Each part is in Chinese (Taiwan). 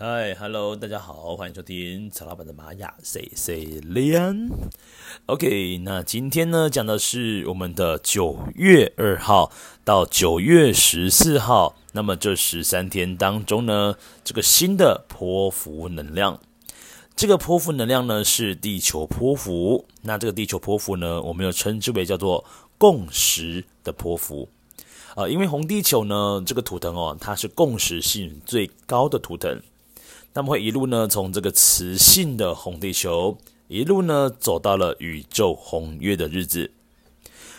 嗨哈嘍，Hi, Hello, 大家好，歡迎收聽曹老板的瑪雅謝謝。Leon。OK，那今天呢講的是我們的九月二號到九月十四號，那麼這十三天當中呢，這個新的波符能量，這個波符能量呢是地球波符。那這個地球波符呢，我們又稱之為叫做共時的波符。啊、呃，因為紅地球呢這個圖騰哦，它是共時性最高的圖騰。他們會一路呢，從這個磁性的紅地球一路呢走到了宇宙紅月的日子。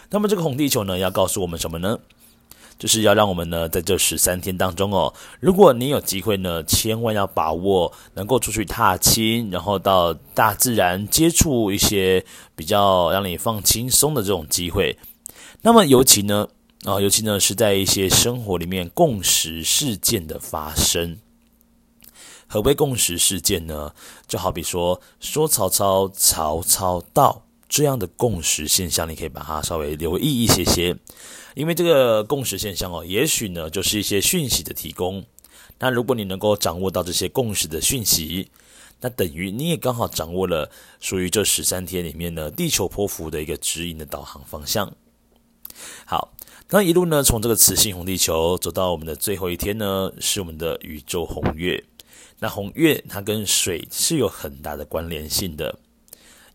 那麼這個紅地球呢，要告訴我們什麼呢？就是要讓我們呢，在這十三天當中哦，如果你有機會呢，千萬要把握能夠出去踏青，然後到大自然接觸一些比較讓你放輕鬆的這種機會。那麼尤其呢，啊、哦，尤其呢是在一些生活裡面共時事件的發生。何謂共時事件呢？就好比說說曹操，曹操到，這樣的共時現象，你可以把它稍微留意一些些。因為這個共時現象哦，也許呢就是一些訊息的提供。那如果你能夠掌握到這些共時的訊息，那等於你也剛好掌握了屬於這十三天裡面呢，地球波符的一個指引的導航方向。好，那一路呢，從這個磁性紅地球走到我們的最後一天呢，是我們的宇宙紅月。那紅月它跟水是有很大的關聯性的，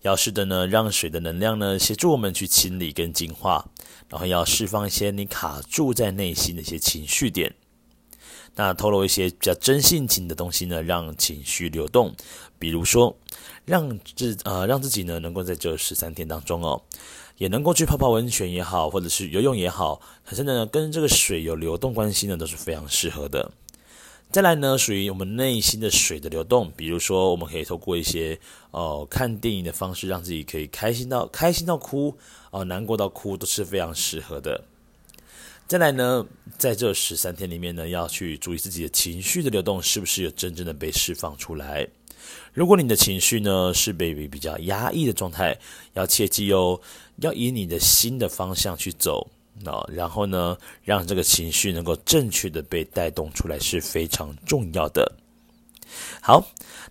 要試着呢，讓水的能量呢協助我們去清理跟淨化，然後要釋放一些你卡住在內心的一些情緒點，那透露一些比較真性情的東西呢，讓情緒流動。比如說，讓自呃讓自己呢能夠在這十三天當中哦，也能夠去泡泡溫泉也好，或者是游泳也好，反正呢跟這個水有流動關係呢，都是非常適合的。再來呢，屬於我們內心的水的流動，比如說，我們可以透過一些哦、呃、看電影的方式，讓自己可以開心到開心到哭哦、呃，難過到哭，都是非常適合的。再來呢，在這十三天裡面呢，要去注意自己的情緒的流動是不是有真正的被釋放出來？如果你的情緒呢是被比較壓抑的狀態，要切記哦，要以你的心的方向去走。那然後呢，讓這個情緒能夠正確的被帶動出來是非常重要的。好，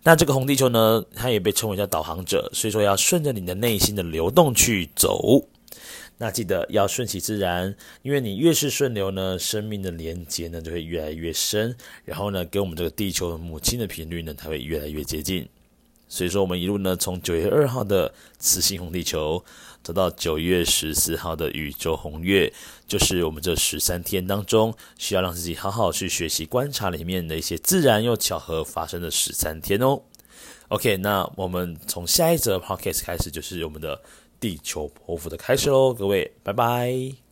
那這個紅地球呢，它也被稱為叫導航者，所以說要順着你的內心的流動去走。那記得要順其自然，因為你越是順流呢，生命的連接呢就會越來越深，然後呢，跟我們這個地球母親的頻率呢，它會越來越接近。所以說，我們一路呢，從九月二號的磁性紅地球，走到九月十四號的宇宙紅月，就是我們這十三天當中，需要讓自己好好去學習、觀察裡面的一些自然又巧合發生的十三天哦。OK，那我們從下一則 Podcast 開始，就是我們的地球波符的開始嘍，各位，拜拜。